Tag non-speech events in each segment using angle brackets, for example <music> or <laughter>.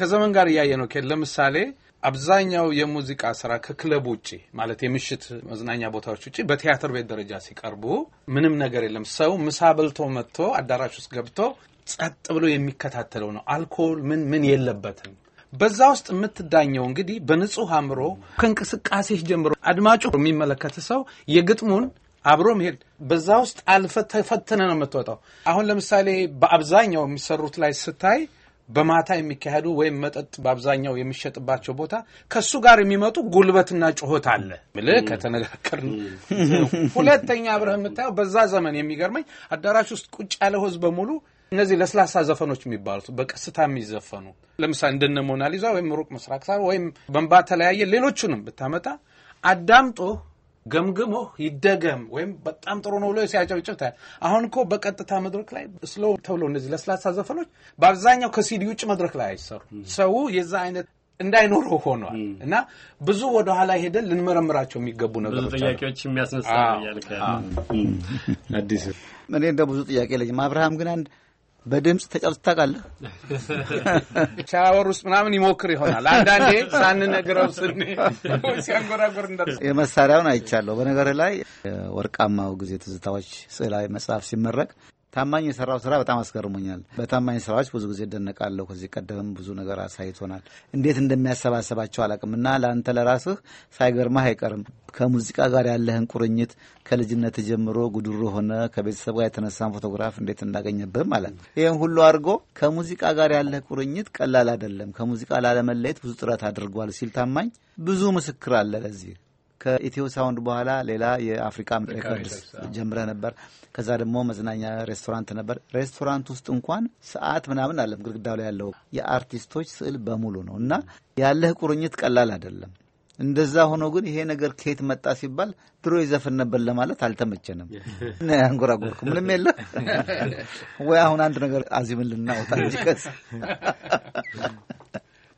ከዘመን ጋር እያየ ነው። ለምሳሌ አብዛኛው የሙዚቃ ስራ ከክለብ ውጭ ማለት የምሽት መዝናኛ ቦታዎች ውጭ በቲያትር ቤት ደረጃ ሲቀርቡ ምንም ነገር የለም። ሰው ምሳ በልቶ መጥቶ አዳራሽ ውስጥ ገብቶ ጸጥ ብሎ የሚከታተለው ነው። አልኮል ምን ምን የለበትም። በዛ ውስጥ የምትዳኘው እንግዲህ በንጹህ አእምሮ ከእንቅስቃሴ ጀምሮ አድማጩ የሚመለከት ሰው የግጥሙን አብሮ መሄድ በዛ ውስጥ አልፈ ተፈትነ ነው የምትወጣው። አሁን ለምሳሌ በአብዛኛው የሚሰሩት ላይ ስታይ በማታ የሚካሄዱ ወይም መጠጥ በአብዛኛው የሚሸጥባቸው ቦታ ከእሱ ጋር የሚመጡ ጉልበትና ጩኸት አለ ብለ ከተነጋገር <laughs> ሁለተኛ አብረህ የምታየው በዛ ዘመን የሚገርመኝ አዳራሽ ውስጥ ቁጭ ያለው ህዝብ በሙሉ እነዚህ ለስላሳ ዘፈኖች የሚባሉት በቀስታ የሚዘፈኑ ለምሳሌ እንደነ ሞናሊዛ ወይም ሩቅ ምስራቅ ሳር ወይም በንባ ተለያየ ሌሎቹንም ብታመጣ አዳምጦህ ገምግሞ ይደገም ወይም በጣም ጥሩ ነው ብሎ ሲያጨብጭብ ታያል። አሁን እኮ በቀጥታ መድረክ ላይ ስሎ ተብሎ እነዚህ ለስላሳ ዘፈኖች በአብዛኛው ከሲዲ ውጭ መድረክ ላይ አይሰሩ። ሰው የዛ አይነት እንዳይኖረው ሆኗል እና ብዙ ወደኋላ ሄደን ልንመረምራቸው የሚገቡ ነገሮች ጥያቄዎች የሚያስነሳ ያልከ አዲስ እኔ እንደ ብዙ ጥያቄ ለኝ አብርሃም ግን አንድ በድምፅ ተጫውተህ ታውቃለህ? <laughs> ሻወር ውስጥ ምናምን ይሞክር ይሆናል አንዳንዴ ሳንነግረው ስን ሲያንጎራጉር የመሳሪያውን አይቻለሁ። በነገር ላይ ወርቃማው ጊዜ ትዝታዎች ስዕላዊ መጽሐፍ ሲመረቅ ታማኝ የሰራው ስራ በጣም አስገርሞኛል። በታማኝ ስራዎች ብዙ ጊዜ እደነቃለሁ። ከዚህ ቀደምም ብዙ ነገር አሳይቶናል። እንዴት እንደሚያሰባሰባቸው አላውቅም እና ለአንተ ለራስህ ሳይገርማህ አይቀርም። ከሙዚቃ ጋር ያለህን ቁርኝት ከልጅነት ጀምሮ ጉድሩ ሆነ ከቤተሰብ ጋር የተነሳን ፎቶግራፍ እንዴት እንዳገኘብህ ማለት ነው። ይህም ሁሉ አድርጎ ከሙዚቃ ጋር ያለህ ቁርኝት ቀላል አይደለም፣ ከሙዚቃ ላለመለየት ብዙ ጥረት አድርጓል ሲል ታማኝ ብዙ ምስክር አለ ለዚህ ከኢትዮ ሳውንድ በኋላ ሌላ የአፍሪካ ሬኮርድስ ጀምረ ነበር። ከዛ ደግሞ መዝናኛ ሬስቶራንት ነበር። ሬስቶራንት ውስጥ እንኳን ሰዓት ምናምን አለም ግድግዳው ላይ ያለው የአርቲስቶች ስዕል በሙሉ ነው እና ያለህ ቁርኝት ቀላል አይደለም። እንደዛ ሆኖ ግን ይሄ ነገር ከየት መጣ ሲባል ድሮ ይዘፍን ነበር ለማለት አልተመቸንም። <laughs> ያንጎራጎርኩ ምንም የለ <laughs> ወይ አሁን አንድ ነገር አዚምን ልናወጣ እንጂ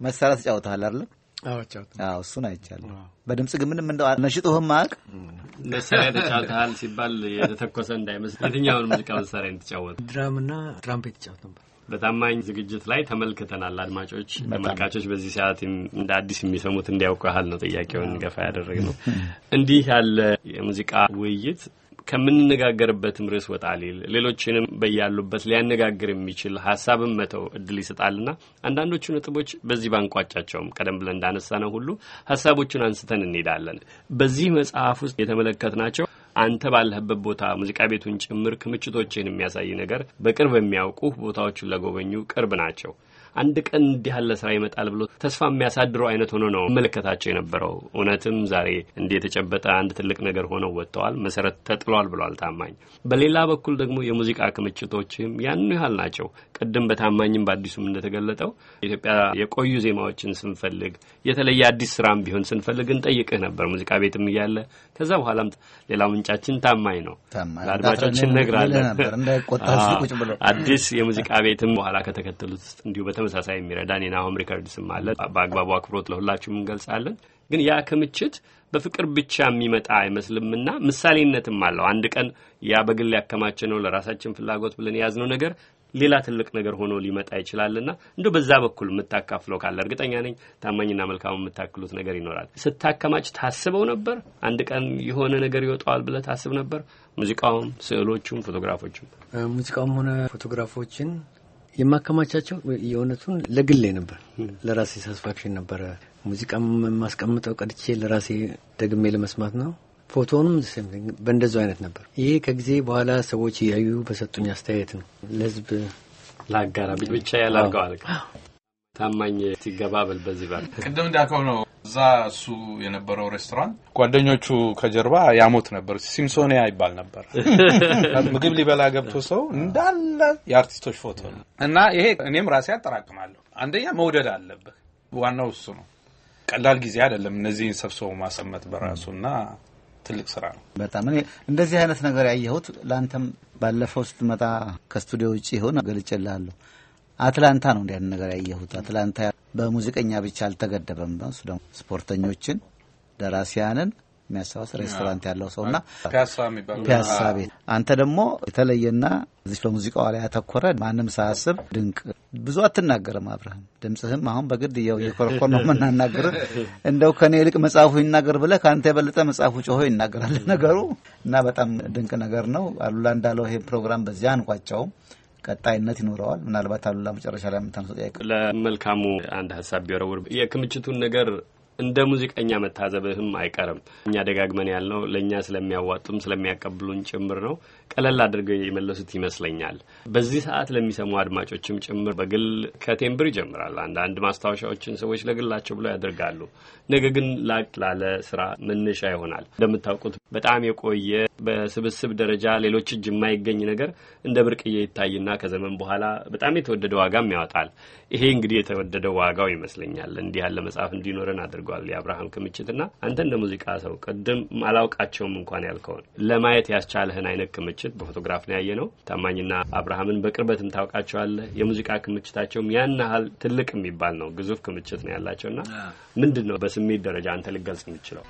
መሳሪያ ተጫውተሃል አይደለም እሱን አይቻለሁ። በድምጽ ግን ምንም እንደው መሽጡህም ማቅ መሳሪያ ተጫውተሃል ሲባል የተተኮሰ እንዳይመስል የትኛውን ሙዚቃ መሳሪያ የተጫወት? ድራምና ትራምፔት የተጫወት ነበር። በታማኝ ዝግጅት ላይ ተመልክተናል። አድማጮች፣ ተመልካቾች በዚህ ሰዓት እንደ አዲስ የሚሰሙት እንዲያውቁ ያህል ነው ጥያቄውን ገፋ ያደረግ ነው። እንዲህ ያለ የሙዚቃ ውይይት ከምንነጋገርበትም ርዕስ ወጣ ሊል ሌሎችንም በያሉበት ሊያነጋግር የሚችል ሀሳብን መተው እድል ይሰጣልና አንዳንዶቹ ነጥቦች በዚህ ባንቋጫቸውም ቀደም ብለን እንዳነሳ ነው ሁሉ ሀሳቦቹን አንስተን እንሄዳለን። በዚህ መጽሐፍ ውስጥ የተመለከት ናቸው አንተ ባለህበት ቦታ ሙዚቃ ቤቱን ጭምር ክምችቶችን የሚያሳይ ነገር በቅርብ የሚያውቁ ቦታዎቹን ለጎበኙ ቅርብ ናቸው። አንድ ቀን እንዲህ ያለ ስራ ይመጣል ብሎ ተስፋ የሚያሳድረው አይነት ሆኖ ነው መለከታቸው የነበረው። እውነትም ዛሬ እንዲህ የተጨበጠ አንድ ትልቅ ነገር ሆነው ወጥተዋል። መሰረት ተጥሏል ብሏል ታማኝ። በሌላ በኩል ደግሞ የሙዚቃ ክምችቶችም ያኑ ያህል ናቸው። ቅድም በታማኝም በአዲሱም እንደተገለጠው ኢትዮጵያ የቆዩ ዜማዎችን ስንፈልግ የተለየ አዲስ ስራም ቢሆን ስንፈልግ እንጠይቅህ ነበር ሙዚቃ ቤትም እያለ ከዛ በኋላም ሌላ ምንጫችን ታማኝ ነው። ለአድማጮች እነግራለን አዲስ የሙዚቃ ቤትም በኋላ ከተከተሉት ውስጥ እንዲሁ በተመሳሳይ የሚረዳን የናሆም ሪከርድስም አለ። በአግባቡ አክብሮት ለሁላችሁም እንገልጻለን። ግን ያ ክምችት በፍቅር ብቻ የሚመጣ አይመስልምና ምሳሌነትም አለው። አንድ ቀን ያ በግል ነው ለራሳችን ፍላጎት ብለን የያዝነው ነገር ሌላ ትልቅ ነገር ሆኖ ሊመጣ ይችላልና እንደ በዛ በኩል የምታካፍለው ካለ እርግጠኛ ነኝ ታማኝና መልካም የምታክሉት ነገር ይኖራል። ስታከማች ታስበው ነበር? አንድ ቀን የሆነ ነገር ይወጣዋል ብለህ ታስብ ነበር? ሙዚቃውም፣ ስዕሎቹም፣ ፎቶግራፎችም ሙዚቃውም ሆነ ፎቶግራፎችን የማከማቻቸው የእውነቱን ለግሌ ነበር፣ ለራሴ ሳስፋክሽን ነበረ። ሙዚቃ የማስቀምጠው ቀድቼ ለራሴ ደግሜ ለመስማት ነው። ፎቶንም በእንደዚሁ አይነት ነበር። ይሄ ከጊዜ በኋላ ሰዎች እያዩ በሰጡኝ አስተያየት ነው ለህዝብ ለአጋራ ብቻ ያላርገዋል ታማኝ ሲገባበል በዚህ ባል ቅድም እንዳከው ነው እዛ እሱ የነበረው ሬስቶራንት ጓደኞቹ ከጀርባ ያሞት ነበር። ሲምሶኒያ ይባል ነበር። <laughs> ምግብ ሊበላ ገብቶ ሰው እንዳለ የአርቲስቶች ፎቶ ነው እና ይሄ እኔም ራሴ አጠራቅማለሁ። አንደኛ መውደድ አለብህ። ዋናው እሱ ነው። ቀላል ጊዜ አይደለም እነዚህን ሰብስቦ ማሰመት በራሱ እና ትልቅ ስራ ነው። በጣም እኔ እንደዚህ አይነት ነገር ያየሁት ለአንተም ባለፈው ስትመጣ ከስቱዲዮ ውጭ ይሆን ገልጭላለሁ። አትላንታ ነው እንዲያን ነገር ያየሁት አትላንታ በሙዚቀኛ ብቻ አልተገደበም። እሱ ደግሞ ስፖርተኞችን፣ ደራሲያንን የሚያሰባስ ሬስቶራንት ያለው ሰው ና ፒያሳ ቤት አንተ ደግሞ የተለየና እዚህ በሙዚቃዋ ላይ ያተኮረ ማንም ሳያስብ ድንቅ ብዙ አትናገርም። አብርሃም ድምፅህም አሁን በግድ እየው እየኮረኮር ነው የምናናገር። እንደው ከኔ ይልቅ መጽሐፉ ይናገር ብለ ከአንተ የበለጠ መጽሐፉ ጮሆ ይናገራል ነገሩ እና በጣም ድንቅ ነገር ነው። አሉላ እንዳለው ይሄ ፕሮግራም በዚያ አንቋጫውም። ቀጣይነት ይኖረዋል። ምናልባት አሉላ መጨረሻ ላይ የምታነሳው ጥያቄ ለመልካሙ አንድ ሀሳብ ቢወረውር የክምችቱን ነገር እንደ ሙዚቀኛ መታዘብህም አይቀርም። እኛ ደጋግመን ያልነው ለእኛ ስለሚያዋጡም ስለሚያቀብሉን ጭምር ነው። ቀለል አድርገው የመለሱት ይመስለኛል። በዚህ ሰዓት ለሚሰሙ አድማጮችም ጭምር በግል ከቴምብር ይጀምራል። አንዳንድ ማስታወሻዎችን ሰዎች ለግላቸው ብለው ያደርጋሉ። ነገ ግን ላቅ ላለ ስራ መነሻ ይሆናል። እንደምታውቁት በጣም የቆየ በስብስብ ደረጃ ሌሎች እጅ የማይገኝ ነገር እንደ ብርቅዬ ይታይና ከዘመን በኋላ በጣም የተወደደ ዋጋም ያወጣል። ይሄ እንግዲህ የተወደደ ዋጋው ይመስለኛል እንዲህ ያለ መጽሐፍ እንዲኖረን አድርገ አድርጓል። የአብርሃም ክምችት ና አንተ እንደ ሙዚቃ ሰው ቅድም አላውቃቸውም እንኳን ያልከውን ለማየት ያስቻለህን አይነት ክምችት በፎቶግራፍ ነው ያየ ነው። ታማኝና አብርሃምን በቅርበትም ታውቃቸዋለህ። የሙዚቃ ክምችታቸውም ያን ያህል ትልቅ የሚባል ነው፣ ግዙፍ ክምችት ነው ያላቸውና ምንድን ነው በስሜት ደረጃ አንተ ልገልጽ የምችለው?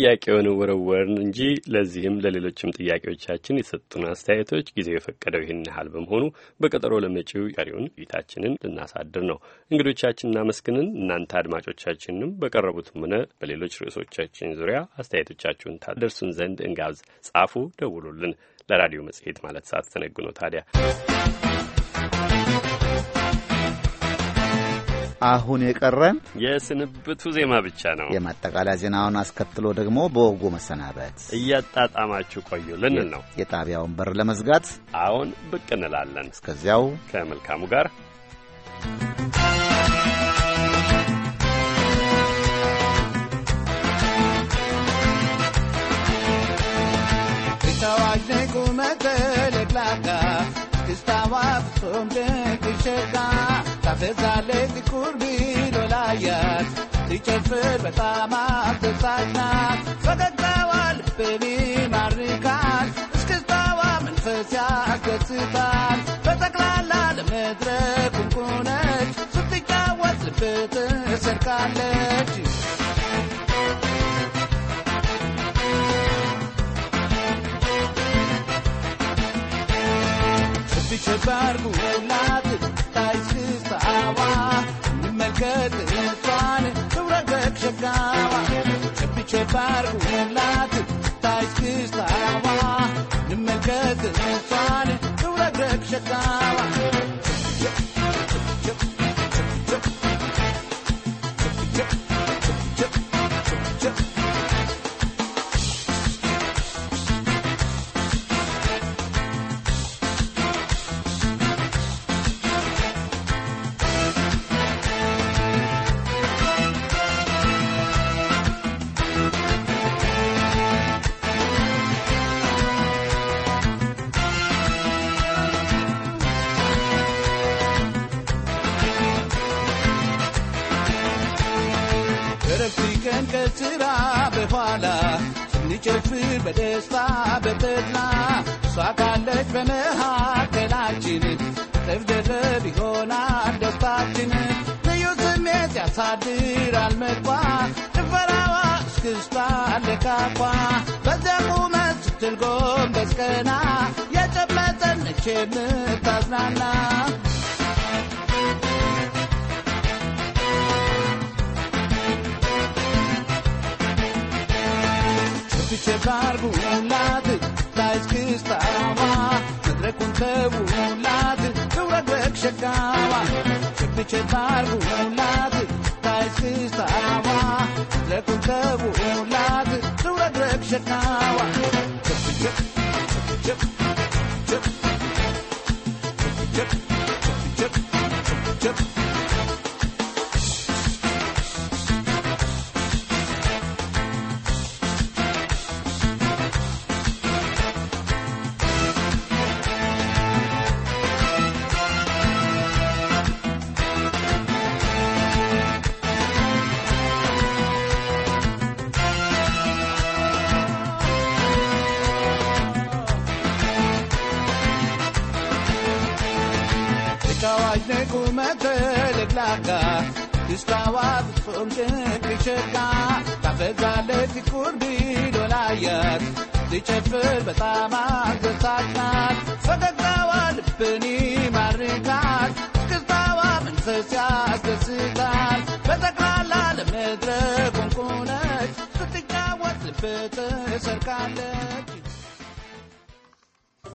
ጥያቄውን ወረወርን እንጂ ለዚህም ለሌሎችም ጥያቄዎቻችን የሰጡን አስተያየቶች ጊዜው የፈቀደው ይህን ያህል በመሆኑ በቀጠሮ ለመጪው ቀሪውን ውይይታችንን ልናሳድር ነው። እንግዶቻችን እናመስግንን። እናንተ አድማጮቻችንም በቀረቡትም ሆነ በሌሎች ርዕሶቻችን ዙሪያ አስተያየቶቻችሁን ታደርሱን ዘንድ እንጋብዝ። ጻፉ፣ ደውሉልን። ለራዲዮ መጽሔት ማለት ሰዓት ተነግኖ ታዲያ አሁን የቀረን የስንብቱ ዜማ ብቻ ነው። የማጠቃለያ ዜናውን አስከትሎ ደግሞ በወጉ መሰናበት እያጣጣማችሁ ቆዩ ልንል ነው። የጣቢያውን በር ለመዝጋት አሁን ብቅ እንላለን። እስከዚያው ከመልካሙ ጋር Esta ትዛለኝ ኩርቢሎ ላያት ትጨፍር በጣም አስደሳች ናት። ፈገግታዋ ልብን ይማርካል፣ እስክስታዋ መንፈስ ያስደስታል። በጠቅላላ ለመድረክ እንቁ ነች፣ ስትጫወት ልብ ትሰርቃለች። ስትሸባር ጉላት ከልቷን ክብረገብ ሸጋዋ ጨብጬ ቀን ከስራ በኋላ ስንጨፍር በደስታ በተድላ እሷ ካለች በመካከላችን ጥፍደረብ ይሆናል ደስታችን ልዩ ስሜት ያሳድር አልመቋ ጭፈራዋ እስክስታ ለካኳ በዚያ ቁመት ስትል ጎንበስ ቀና የጨበጠነች የምታዝናና ficevar bulat Dais kistawa Mădrecul tău ulat Eu rădăc șecaua Și ficevar bulat Dais kistawa Mădrecul tău ulat Eu rădăc șecaua Chip, chip, chip, chip, chip, chip, chip, chip. ተልግላካ ክስታዋ ብፍቅምክንክሸካ ካፈዛለቲ ኩርዲ ዶላየር ትጨፍር በጣም ኣዘሳካት ፈገግታዋ ልብኒ ማርካት ክስታዋ መንፈስያ ኣስደስታት በጠቅላላ ለመድረ ኮንኩነት ስትጫወት ልብ